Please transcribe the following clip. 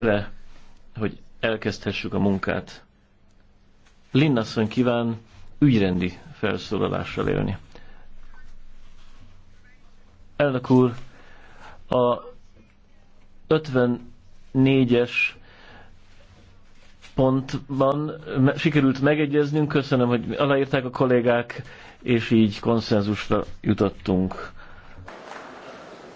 le, hogy elkezdhessük a munkát. Linnasszony kíván ügyrendi felszólalással élni. Elnök úr, a 54-es pontban sikerült megegyeznünk, köszönöm, hogy aláírták a kollégák, és így konszenzusra jutottunk.